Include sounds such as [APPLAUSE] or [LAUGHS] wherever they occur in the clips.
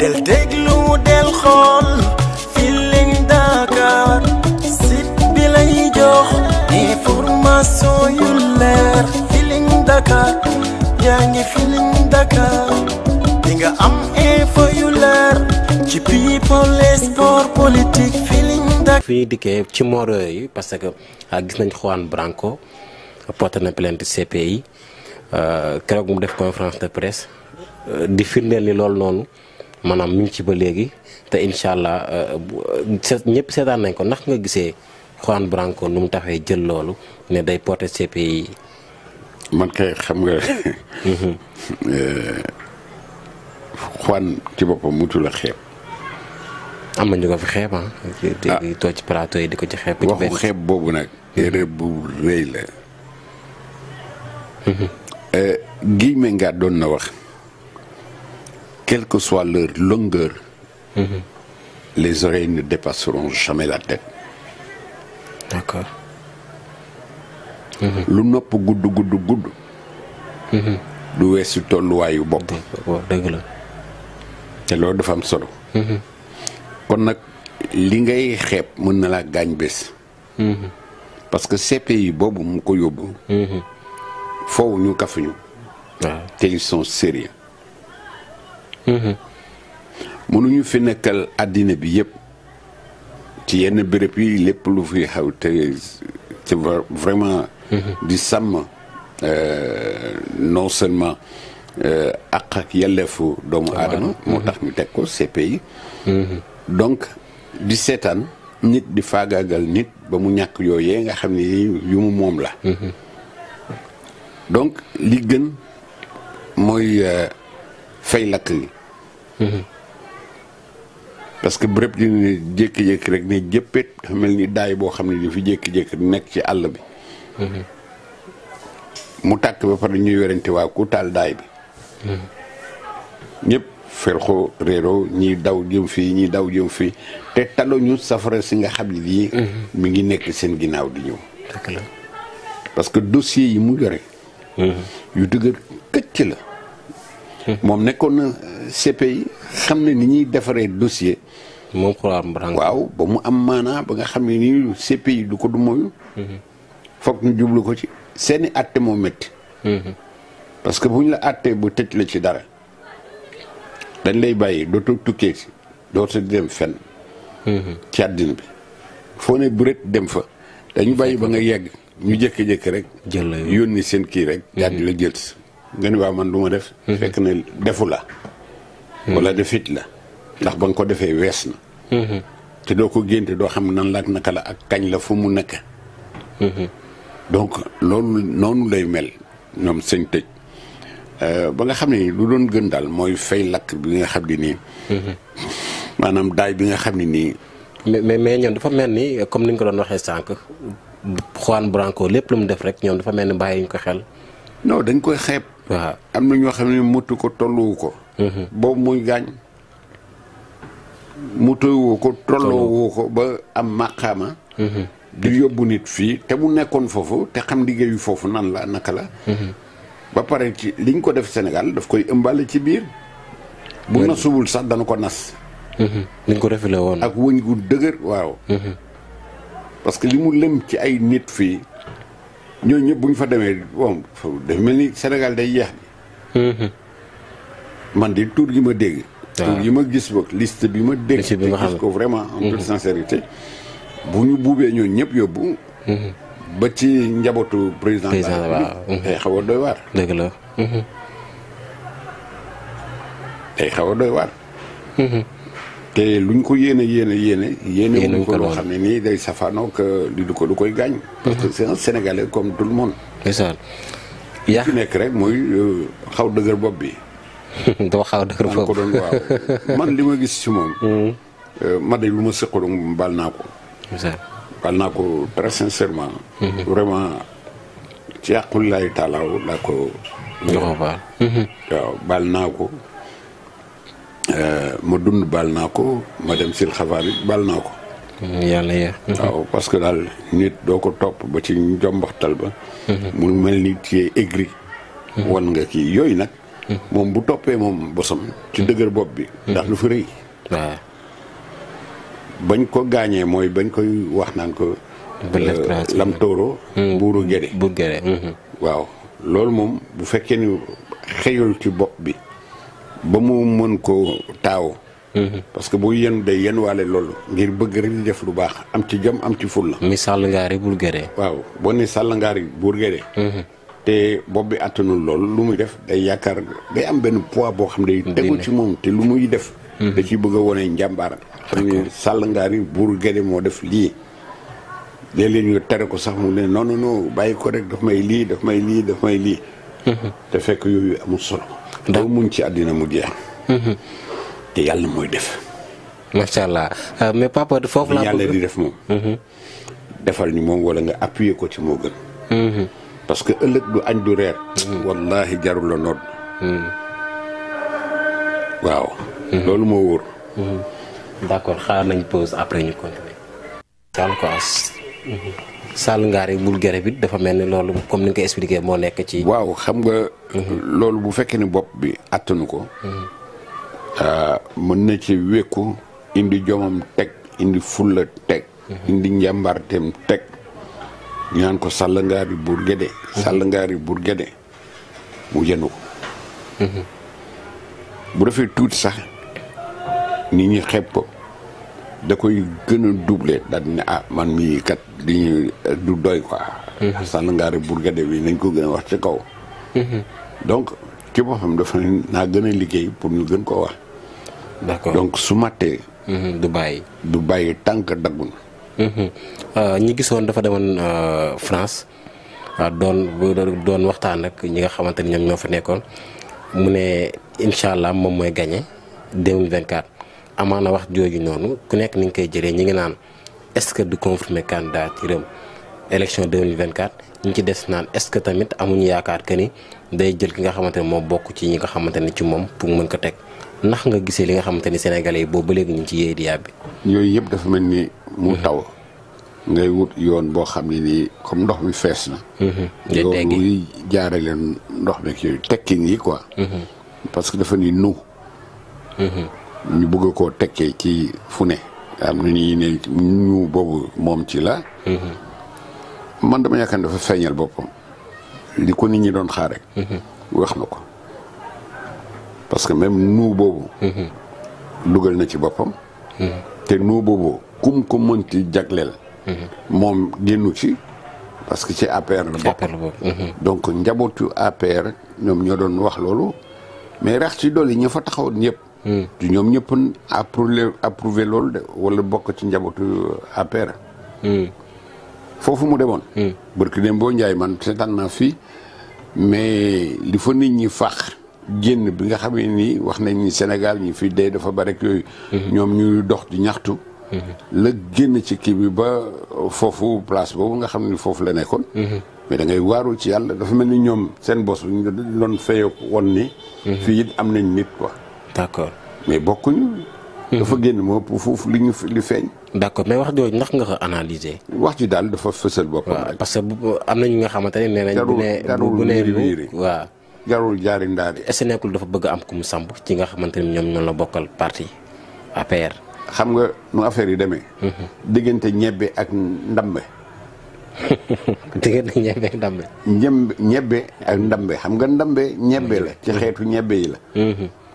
del déglu del xool Feeling Dakar site lay jox information yu leer Feeling Dakar yaa ngi Feeling Dakar di am info yu leer ci people et politique Feeling Dakar. fi ñuy dikkee ci moroom yi parce que ah, gis nañ Juan Branco porté na plainte CPI euh, keroog mu def conférence de presse euh, di firndeel ni loolu noonu. maanaam mi ci ba léegi te incha allah euh, ñëpp seetaan nañ ko ndax nga gisee Juan Branco nu mu taxee jël loolu ne day porter CPI. man kay xam nga. Mhm. [LAUGHS] Euh, Juan ci boppam mutu la xeeb. am na ñu ko fi xeeb ah. di ah. toog ci plateau yi di ko ci xeeb. waxu xeeb boobu nag. Mhm. erreur bu rëy la. Mhm. Euh, Guy Menga doon na wax. quelle que soit leur longueur, mmh. les oreilles ne la tête. D'accord. lu mhm. nopp gudd gudd du mhm. weesu tolluwaayu bopp. dëgg te loolu dafa am solo. Mhm. kon nag li ngay xeeb mën na laa gaañ bés. parce que CPI boobu mu ko yóbbu. foofu ñu kafuñu. te ils sont sérieux. Mhm. mënuñu fi nekkal àddina bi yëpp ci yenn béréb yi lépp lu fi xaw te te vraiment. Mhm. di sàmm euh, non seulement euh, àq ak yelleefu doomu aadama moo mhm. tax ñu teg ko CPI. donc di seetaan nit di faagaagal nit ba mu ñàkk yooyee nga xam ne yu mu moom la. donc lii gën mooy euh, fay lakk yi [LAUGHS] parce que béréb di ne jékki-jékki rek ne jëppet mel ni daay boo xam ne di fi jékki-jékki du nekk ci àll bi [LAUGHS] mu tàkk ba pare ñuy werante waa ku taal daay bi [LAUGHS] ñëpp ferxo réero ñiy daw jëm fii ñiy daw jëm fii te taluñu safara si nga xam ne yi mi ngi nekk seen ginnaaw di ñëw parce que dossier yi mu yore yu dëgër këcc la Mmh. moom nekkoon na euh, CPI xam ne ni ñuy defaree dossier. moom waaw ba mu am maanaa ba nga xam ne nii yi du ko du moyu. Mmh. foog ñu jublu ko ci seeni i àtte moo métti. Mmh. parce que bu ñu la àttee bu tëj la ci dara dañ lay bàyyi dootoo tukkee si dootoo dem fen ci àddina bi foo ne bu rët dem fa dañu bàyyi ba nga yegg ñu jékki-jékki rek. jël la yónni seen kii rek. daal la jël nga ni waaw man du ma def. Mhm. fekk ne defu la. Mhm. wala defit la. ndax ba nga ko defee wees na. Mhm. te doo ko génte doo xam nan la ak naka la ak kañ la fu mu nekk. donc loolu noonu lay mel ñoom sëñ tëj euh, ba nga xam ne lu doon gën daal mooy fay lakk bi nga xam ni nii. maanaam daay bi nga xam ne nii. mais mais mais ñoom dafa mel ni comme ni nga ko doon waxee sànq Juan Branco lépp lu mu def rek ñoom dafa mel ni bàyyi ñu ko xel. non dañ koy xeeb. waaw am na ñoo xam ne mutu ko tolluwu ko. Mhm. boobu muy gaañ. mutuwu ko tolluwu ko ba am màqaama. Mhm. di yóbbu nit fii te mu nekkoon foofu te xam liggéeyu foofu nan la naka la. Mhm. ba pare ci liñ ko def Sénégal daf koy ëmbale ci biir. bu nasuwul sax dana ko nas. liñ ko refile woon. ak wëñ gu dëgër waaw. parce que li mu lëm ci ay nit fii. ñooñu ñëpp bu ñu fa demee bon dafa mel ni Sénégal day yeex bi mm-hmm. man di tour yi ma dégg tour yi ma gis boog liste bi ma dégg te gis ko vraiment en toute mm-hmm. sincérité bu ñu buubee ñooñu ñëpp yóbbu mm-hmm. ba ci njabootu président la day xaw a doy waar dëgg la day xaw a doy waar te lu ñu ko yéene yéene yéene. yéene wuñ ko loo xam ne nii day safaanoo que du ko du koy gaañ. parce que c'est un comme tout le monde. ndeysaan yaa fi nekk rek mooy euh, xaw dëgër bopp bi. [LAUGHS] doo xaw dëgër bopp ko doon waaw [LAUGHS] man li ma gis ci moom. Hmm. Euh, ma de lu ma seqaloon moom baal naa ko. baal naa ko très sincèrement. Hmm. vraiment ci yàqul laay taalaaw laa ko. jox ko baal. Hmm. naa ko. Euh, ma dund baal naa ko ma dem sil xabaar yi baal naa ko. Mm, mm-hmm. waaw parce que daal nit doo ko topp ba ci njombaxtal ba. Mm-hmm. mu mel ni cee aigri. Mm-hmm. wan nga kii yooyu nag. moom bu toppee moom bosam. ci dëgër bopp bi. ndax lu fa rëy. bañ ko gaañee mooy bañ koy wax naan ko. Euh, lam tooro buuru gede. waaw loolu moom bu fekkee ni xëyul ci bopp bi. ba mu mën ko taaw mhm. parce que bu yéen day yéen waale loolu. ngir bëgg rek di def lu baax am ci jëm am ci fulla. la sàll ngaari buur géré. waaw boo ne sàll ngaari buur géré. Mhm. te bopp bi àttanul loolu lu muy def day yaakaar day am benn poids boo xam ne. tegu ci moom te lu muy def. Mhm. da ciy bëgg a wane njàmbaar. xam ne sàll ngaari buur moo def lii. de leen ñu tere ko sax mu ne non non bàyyi ko rek daf may lii daf may lii daf may lii. te fekk yooyu amul solo. doo muñ ci àddina mu jeex. Mhm. te yàlla mooy def. macha allah euh, mais papa foofu laa yàlla di def moom. Mhm. defal ñu moom wala nga appuyer ko ci moo gën. Mhm. parce que ëllëg du añ du reer. wallaahi jarul la waaw. loolu moo wóor. d'accord xaar nañ pause après ñu continuer. Sall Ngaari buur gere bi dafa mel ni loolu comme ni nga ko expliqué moo nekk ci. waaw xam nga. Mhm. loolu bu fekkee ni bopp bi attanu ko. Mhm. Ah, mën na ci wékku indi jomam teg indi fulla teg. Mhm. indi njàmbarteem teg. ñu naan ko Sall buur bul gede. Sall Ngaari bul gede mu jënd bu defee tuuti sax nit ñi xeeb ko. da koy gën a doublé daal ne ah man mii kat li doy ko doy quoi. Mhm. Sànngaare Bourgadé bi nañ ko gën a wax ci kaw. Mhm. donc ci xam dafa ne naa gën liggéey pour ñu gën koo wax. d'accord donc su mattee. Mhm, du bàyyi. du bàyyi tànk daggul. Euh, ñi gisoon dafa demoon euh, France euh, doon doon waxtaan ak ñi nga xamante ni ñoom ñoo fa nekkoon mu ne incha allah moom mooy gagné 2024. amaana wax jooju noonu ku nekk ni nga koy jëlee ñi ngi naan est-ce que du confirmer candidature élection 2024 ñu ci des naan est-ce que tamit amuñu yaakaar que ni day jël ki nga xamante ne moo bokk ci ñi nga xamante ne ci moom pour mën ko teg ndax nga gisee li nga xamante ni sénégalais yi boobu ba léegi ñu ngi ci yéey di yàbbi. yooyu yëpp dafa mel ni mu mhm. taw. ngay wut yoon boo xam ni nii comme ndox mi fees na. Mhm. yoon wuy jaare leen ndox mi ak yooyu tekkin yi quoi. Mhm. parce ñu bëgg koo tekkee ci fu ne am na ñu ne ñu boobu moom ci la mhm. man dama yaakaar ne dafa feeñal boppam li ko nit ñi doon xaare mhm. wax na ko parce que même nuu boobu mhm. dugal na ci boppam te nuu boobu kum mën ci jagleel moom génnu ci parce que ci APR na bokk donc njabootu APR ñoom ñoo doon wax loolu mais rax ci dolli ñu fa taxawoon yëpp Hmm. du ñoom ñëpp approuvé approuvé loolu de wala bokk ci njabootu APR. Hmm. foofu mu demoon. Hmm. barki dem boo njaay man seetaan na fi mais li fa nit ñi fax génn bi nga xam ni wax nañ ni Sénégal ñi fi dee dafa bari ak yooyu. ñoom ñuy dox di ñaxtu. la génn ci kii bi ba foofu place boobu nga xam ni foofu la nekkoon. mais da waaru ci yàlla dafa mel ni ñoom seen bos bu ñu doon fayoo woon ni. fii it am nañ nit ko d'accord mais bokkuñu. fa mhm. génn moo foofu li ñu li feeñ. d'accord mais wax jooju ndax nga ko analyser. wax ci daal dafa fësal boppam. waaw parce que am na ñu nga xamante ne nee nañ. bu nee bu nee lu jaari ndaari. est-ce dafa bëgg am ku mu samp ci nga xamante ne ñoom ñoo la bokkal parti APR. xam nga nu affaire yi demee. Mhm. diggante ak ndambe. [LAUGHS] diggante ñebbe ñebe ak ndambe xam nga ndambe ñebbe la. Mhm. ci xeetu ñebbe yi la.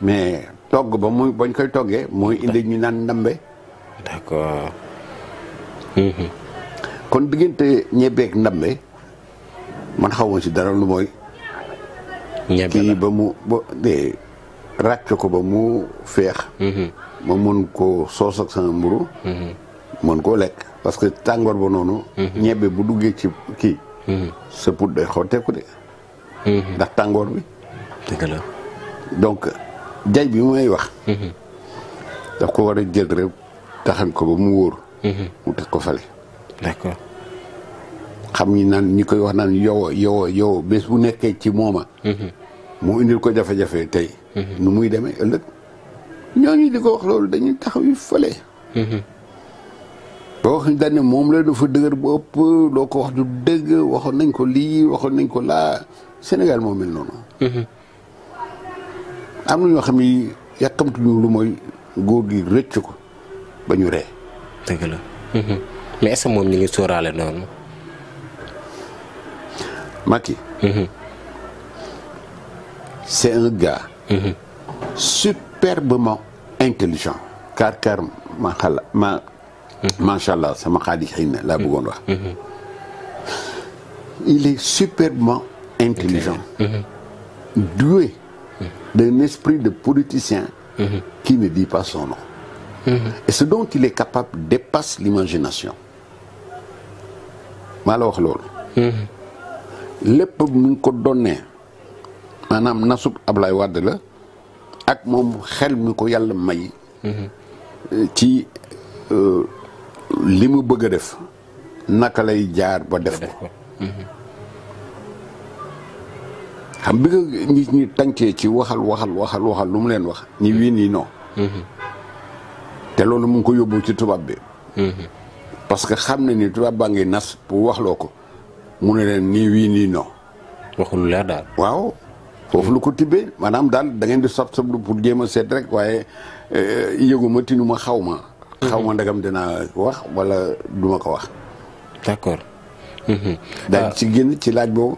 mais togg ba muy bañ koy toggee mooy indi ñu naan ndambe. kon diggante ñebeeg ndambe man xawma ci dara lu mooy. kii ba mu ba de ràcc ko ba mu feex. ma mën koo soos ak sama mburu mën koo lekk parce que tàngoor ba noonu. ñebe bu duggee ci kii. sa put day xotteeku de. ndax tàngoor bi. donc. jay bi mooy wax. Mm-hmm. daf ko war a jël rek taxan ko ba mu wóor. Mm-hmm. mu teg ko fale. xam ñi naan ñi koy wax naan yow yow yow bés bu nekkee ci mooma. Mm-hmm. mu indil ko jafe-jafe tey. nu muy demee ëllëg ñooñu di ko wax loolu dañuy taxaw yu fële. boo xam dañ ne moom la dafa dëgër bopp loo ko wax du dëgg waxoon nañ ko lii waxoon nañ ko laa Sénégal moo mel noonu. am na ñoo xam ni yàkkamtuñu lu mooy góor gi rëcc ba ñu ree. dëgg la mhm. mais est-ce que moom ñu ngi sóoraale noonu. Macky. Mhm. c'est un gars. Mhm. superbement intelligent. kaar kaar ma xala ma. macha allah sama xaalis xëy na laa bëggoon wax. il est superbement intelligent. Mm-hmm. d'un esprit de politicien mm-hmm. qui ne dit pas son nom. Mm-hmm. et ce dont il est capable dépasse l'imagination maa la wax loolu lépp mu ngi ko donnee maanaam nasub Ablaye Wade la ak moom xel mi ko yàlla may euh, ci euh, li mu bëgg a def naka lay jaar ba def ko xam bi nga nit ñi tàncee ci waxal waxal waxal waxal lu mu leen wax nii wii nii non mm-hmm. te loolu mu ko yóbbu ci tubaab bi mm-hmm. parce que xam na ni tubaab baa ngi nas pour loo ko mu ne leen nii wii nii non waxul leer daal waaw foofu lu ko tibbee maanaam daal da ngeen di sab sablu pour jéem a seet rek waaye eh, yëguma tinuma xaw ma mm-hmm. xaw ma ndagam dinaa wax wala duma ko wax d'accord daal ah. ci génn ci laaj boobu